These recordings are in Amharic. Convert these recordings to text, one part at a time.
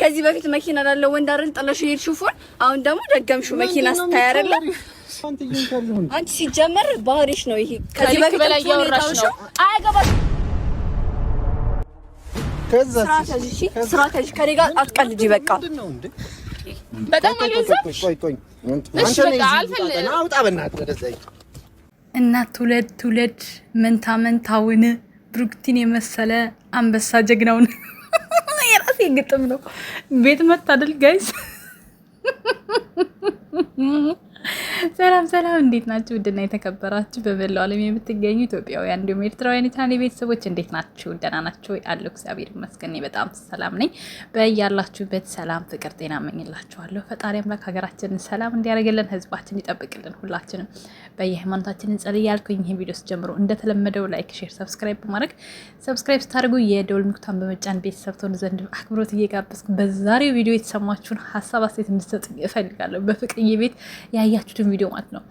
ከዚህ በፊት መኪና ላለው ወንድ አይደል ጥለሽ የሄድሽው ፎን፣ አሁን ደግሞ ደገምሽው። መኪና ስታይ አይደለ አንቺ። ሲጀመር ባህሪሽ ነው ይሄ። ከዚህ በፊት በላይ ያወራሽ ነው። አያገባሽ። በቃ በጣም እና መንታ መንታውን ብሩክቲን የመሰለ አንበሳ ጀግናውን ግጥም ነው። ቤት መታደል ጋይስ ሰላም ሰላም፣ እንዴት ናችሁ? ውድና የተከበራችሁ በመላው ዓለም የምትገኙ ኢትዮጵያውያን እንዲሁም ኤርትራውያን የቻኔ ቤተሰቦች እንዴት ናችሁ? ደህና ናችሁ? አለሁ እግዚአብሔር ይመስገን በጣም ሰላም ነኝ። በያላችሁበት ሰላም፣ ፍቅር፣ ጤና እመኝላችኋለሁ። ፈጣሪ አምላክ ሀገራችንን ሰላም እንዲያደርግልን፣ ህዝባችን ይጠብቅልን። ሁላችንም በየሃይማኖታችን እንጸል ያልኩኝ ይህን ቪዲዮ ስጀምሮ እንደተለመደው ላይክ፣ ሼር፣ ሰብስክራይብ በማድረግ ሰብስክራይብ ስታደርጉ የደወል ምልክቱን በመጫን ቤተሰብ ትሆኑ ዘንድ አክብሮት እየጋበዝኩ በዛሬው ቪዲዮ የተሰማችሁን ሀሳብ አስተያየት እንድትሰጡ እፈልጋለሁ። በፍቅርዬ ቤት ያያችሁት የሰራችውን ቪዲዮ ማለት ነው።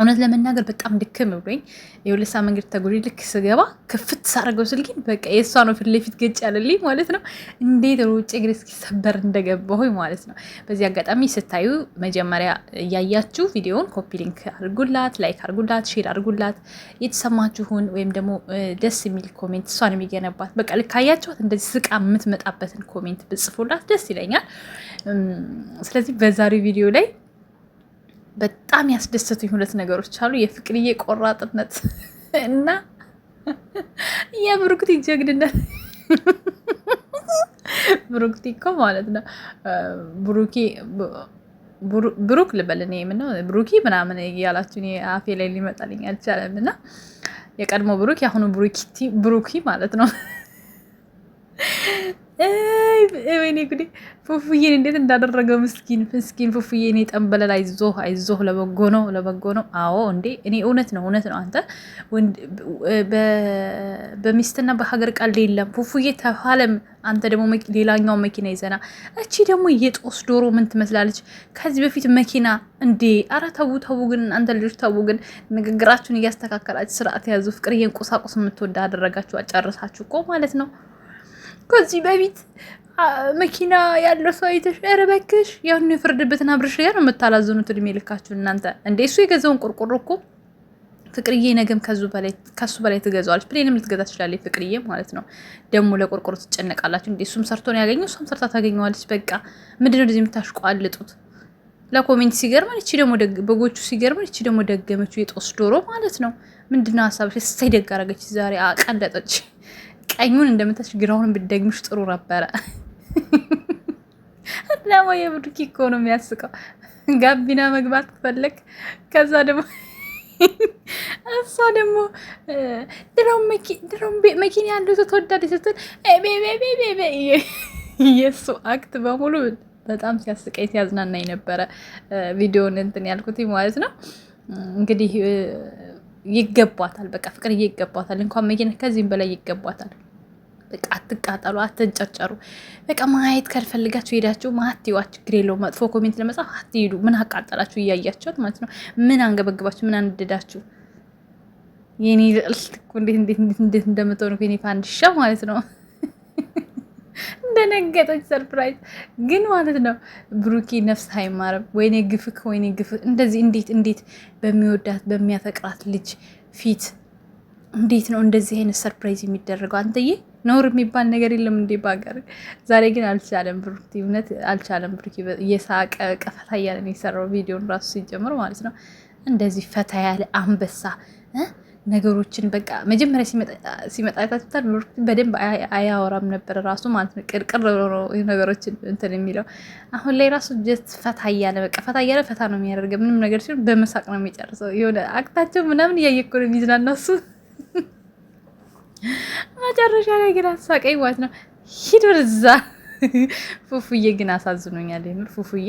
እውነት ለመናገር በጣም ድክም ብሎኝ የሁለት መንገድ ተጉዞ ልክ ስገባ ክፍት ሳረገው ስልኪን በቃ የእሷ ነው ፊት ለፊት ገጭ ያለልኝ ማለት ነው። እንዴት ሮጬ እግሬ እስኪሰበር እንደገባሁኝ ማለት ነው። በዚህ አጋጣሚ ስታዩ መጀመሪያ እያያችሁ ቪዲዮውን ኮፒ ሊንክ አድርጉላት፣ ላይክ አድርጉላት፣ ሼር አድርጉላት። የተሰማችሁን ወይም ደግሞ ደስ የሚል ኮሜንት እሷን የሚገነባት በቃ ልክ አያችኋት እንደዚህ ስቃ የምትመጣበትን ኮሜንት ብጽፉላት ደስ ይለኛል። ስለዚህ በዛሬው ቪዲዮ ላይ በጣም ያስደሰቱኝ ሁለት ነገሮች አሉ። የፍቅርዬ ቆራጥነት እና የብሩክቲ ጀግድነት ብሩክቲ እኮ ማለት ነው ብሩኪ ብሩክ ልበል እኔ የምነው ብሩኪ ምናምን እያላችሁ አፌ ላይ ሊመጣልኝ አልቻለም። እና የቀድሞ ብሩክ የአሁኑ ብሩኪ ማለት ነው። ወይኔ ጉዴ! ፉፉዬን እንዴት እንዳደረገው ምስኪን ምስኪን ፉፉዬን የጠንበለል አይዞህ አይዞህ፣ ለበጎ ነው ለበጎ ነው። አዎ እንዴ! እኔ እውነት ነው እውነት ነው። አንተ በሚስትና በሀገር ቃል የለም ፉፉዬ ተፋለም። አንተ ደግሞ ሌላኛው መኪና ይዘና፣ እቺ ደግሞ የጦስ ዶሮ ምን ትመስላለች? ከዚህ በፊት መኪና እንዴ! አረ ተዉ ተዉ፣ ግን እናንተ ልጆች ተዉ፣ ግን ንግግራችሁን እያስተካከላችሁ ስርዓት ያዙ። ፍቅርዬን ቁሳቁስ የምትወዳ አደረጋችሁ፣ አጨርሳችሁ እኮ ማለት ነው። ከዚህ በፊት መኪና ያለው ሰው አይተሽ፣ ኧረ እባክሽ ያን የፍርድበትን አብርሽ ጋር ነው የምታላዘኑት እድሜ ልካችሁ እናንተ። እንደ እሱ የገዛውን ቆርቆሮ እኮ ፍቅርዬ ነገም ከሱ በላይ ትገዛዋለች። ፕሌንም ልትገዛ ትችላለች ፍቅርዬ ማለት ነው። ደግሞ ለቆርቆሮ ትጨነቃላችሁ እንዴ? እሱም ሰርቶ ነው ያገኘው፣ እሷም ሰርታ ታገኘዋለች። በቃ ምንድን ነው እንደዚህ የምታሽቋልጡት? ለኮሜንት ሲገርመን፣ እቺ ደግሞ በጎቹ ሲገርመን፣ እቺ ደግሞ ደገመችው የጦስ ዶሮ ማለት ነው። ምንድነው ሀሳብ ሳይደግ አረገች ዛሬ አቀለጠች። ቀኙን እንደምታች ግራውን ብትደግምሽ ጥሩ ነበረ። አዳማ የብሩክ እኮ ነው የሚያስቀው። ጋቢና መግባት ፈለግ ከዛ ደግሞ እሷ ደግሞ ድሮም መኪና ያለው ተወዳደ ስትል የእሱ አክት በሙሉ በጣም ሲያስቀኝ ሲያዝናናኝ ነበረ። ቪዲዮን እንትን ያልኩት ማለት ነው እንግዲህ ይገባታል። በቃ ፍቅር ይገባታል። እንኳን መኪና ከዚህም በላይ ይገባታል። በቃ አትቃጠሉ፣ አትንጨርጨሩ። በቃ ማየት ካልፈልጋችሁ ሄዳችሁ ማትዋች ችግር የለውም። መጥፎ ኮሜንት ለመጻፍ አትሄዱ። ምን አቃጠላችሁ እያያችሁት ማለት ነው። ምን አንገበግባችሁ፣ ምን አንደዳችሁ። የኔ ልዕልት እኮ እንዴት እንዴት እንዴት እንደምትሆኑ የኔ ፋንድሻ ማለት ነው። እንደነገጠች ሰርፕራይዝ ግን ማለት ነው። ብሩኪ ነፍስ አይማርም። ወይኔ ግፍክ፣ ወይኔ ግፍክ። እንደዚህ እንዴት እንዴት በሚወዳት በሚያፈቅራት ልጅ ፊት እንዴት ነው እንደዚህ አይነት ሰርፕራይዝ የሚደረገው አንተዬ? ነውር የሚባል ነገር የለም እንዴ በሀገር። ዛሬ ግን አልቻለም ብሩክ፣ እውነት አልቻለም ብሩክ። እየሳቀ ቀፈታ እያለን የሰራው ቪዲዮን ራሱ ሲጀምር ማለት ነው። እንደዚህ ፈታ ያለ አንበሳ ነገሮችን በቃ መጀመሪያ ሲመጣ አይታችሁታል። ብሩክ በደንብ አያወራም ነበር ራሱ ማለት ነው። ቅርቅር ነገሮችን እንትን የሚለው አሁን ላይ ራሱ ጀስት ፈታ እያለ በቃ ፈታ እያለ ፈታ ነው የሚያደርገው። ምንም ነገር ሲሆን በመሳቅ ነው የሚጨርሰው። የሆነ አቅታቸው ምናምን እያየ እኮ ነው የሚዝናና እሱ መጨረሻ ላይ ግን አሳቀኝ ማለት ነው። ሂድ ወደዛ። ፉፉዬ ግን አሳዝኖኛል የምር ፉፉዬ፣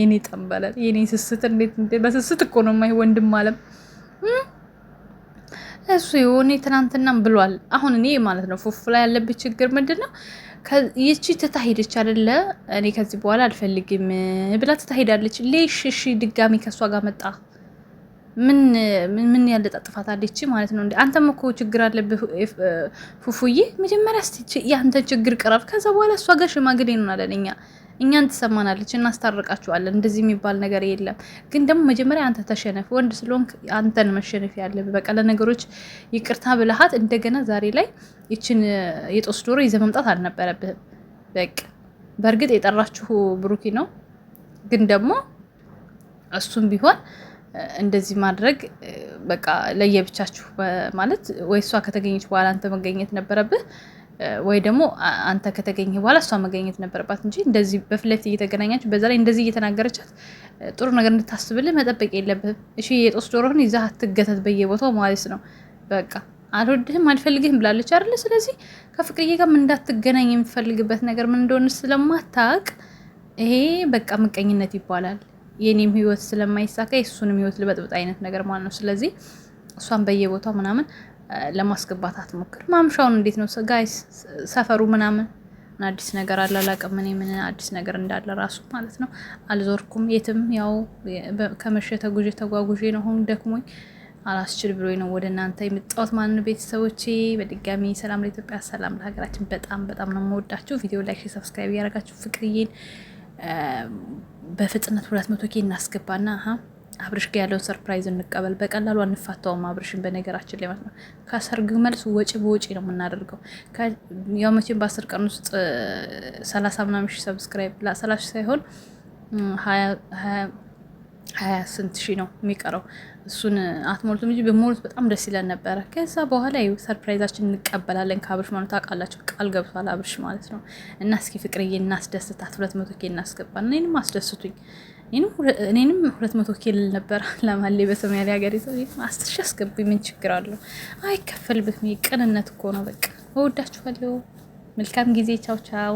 የኔ ጠንበለ የኔ ስስት። እንዴት በስስት እኮ ነው ማይ ወንድም አለም እሱ የሆነ ትናንትናም ብሏል። አሁን እኔ ማለት ነው ፉፉ ላይ ያለብኝ ችግር ምንድን ነው? ይቺ ትታ ሄደች አይደለ? እኔ ከዚህ በኋላ አልፈልግም ብላ ትታ ሄዳለች። ሌሽ እሺ፣ ድጋሚ ከእሷ ጋር መጣ ምን ያለጣጥፋት አለች ማለት ነው። አንተም እኮ ችግር አለብህ ፉፉዬ፣ መጀመሪያ ያንተን ችግር ቅረብ ከዛ በኋላ እሷ ጋር ሽማግሌ እንሆናለን እኛ እኛን ትሰማናለች፣ እናስታርቃችኋለን። እንደዚህ የሚባል ነገር የለም። ግን ደግሞ መጀመሪያ አንተ ተሸነፍ፣ ወንድ ስለሆንክ አንተን መሸነፍ ያለብህ። በቃ ለነገሮች ይቅርታ ብልሃት እንደገና ዛሬ ላይ ይችን የጦስ ዶሮ ይዘህ መምጣት አልነበረብህም። በቃ በእርግጥ የጠራችሁ ብሩኪ ነው፣ ግን ደግሞ እሱም ቢሆን እንደዚህ ማድረግ በቃ ለየብቻችሁ ማለት ወይ እሷ ከተገኘች በኋላ አንተ መገኘት ነበረብህ ወይ ደግሞ አንተ ከተገኘ በኋላ እሷ መገኘት ነበረባት እንጂ እንደዚህ በፊት ለፊት እየተገናኛችሁ በዛ ላይ እንደዚህ እየተናገረቻት ጥሩ ነገር እንድታስብልህ መጠበቅ የለብህም። እሺ የጦስ ዶሮህን ይዘህ አትገተት በየቦታው ማለት ነው። በቃ አልወድህም፣ አልፈልግህም ብላለች አይደለ? ስለዚህ ከፍቅርዬ ጋርም እንዳትገናኝ የምትፈልግበት ነገር ምን እንደሆነ ስለማታውቅ ይሄ በቃ ምቀኝነት ይባላል። የኔም ህይወት ስለማይሳካ የሱንም ህይወት ልበጥብጥ አይነት ነገር ማለት ነው። ስለዚህ እሷን በየቦታው ምናምን ለማስገባት አትሞክር። ማምሻውን እንዴት ነው ጋይስ ሰፈሩ ምናምን አዲስ ነገር አለ። አላቅም እኔ ምን አዲስ ነገር እንዳለ ራሱ ማለት ነው። አልዞርኩም የትም። ያው ከመሸ ተጉዤ ተጓጉዤ ነው አሁን ደክሞኝ አላስችል ብሎ ነው ወደ እናንተ የምጣወት ማንን ቤተሰቦቼ፣ በድጋሚ ሰላም ለኢትዮጵያ፣ ሰላም ለሀገራችን። በጣም በጣም ነው የምወዳችሁ። ቪዲዮ ላይክ፣ ሰብስክራይብ እያደረጋችሁ ፍቅርዬን በፍጥነት ሁለት መቶ ኬ እናስገባና አብርሽ ጋ ያለውን ሰርፕራይዝ እንቀበል። በቀላሉ አንፋታውም አብርሽን በነገራችን ላይ ማለት ነው። ከሰርግ መልስ ወጪ በወጪ ነው የምናደርገው። ያው መቼም በአስር ቀን ውስጥ ሰላሳ ምናምን ሺህ ሰብስክራይብ ሰላሳ ሳይሆን ሀያ ስንት ሺ ነው የሚቀረው። እሱን አትሞልቱም እንጂ በሞሉት በጣም ደስ ይለን ነበረ። ከዛ በኋላ ሰርፕራይዛችን እንቀበላለን ከአብርሽ ማለት አውቃላቸው ቃል ገብቷል አብርሽ ማለት ነው። እና እስኪ ፍቅርዬ እናስደስታት፣ ሁለት መቶ ኬ እናስገባል፣ እኔንም አስደስቱኝ። እኔንም ሁለት መቶ ኬ ልል ነበር ለማሌ በሶማሌ ሀገር ይዘው አስር ሺ አስገቡኝ፣ ምን ችግር አለው? አይከፈልበት። ቅንነት እኮ ነው በቃ። እወዳችኋለሁ። መልካም ጊዜ። ቻው ቻው።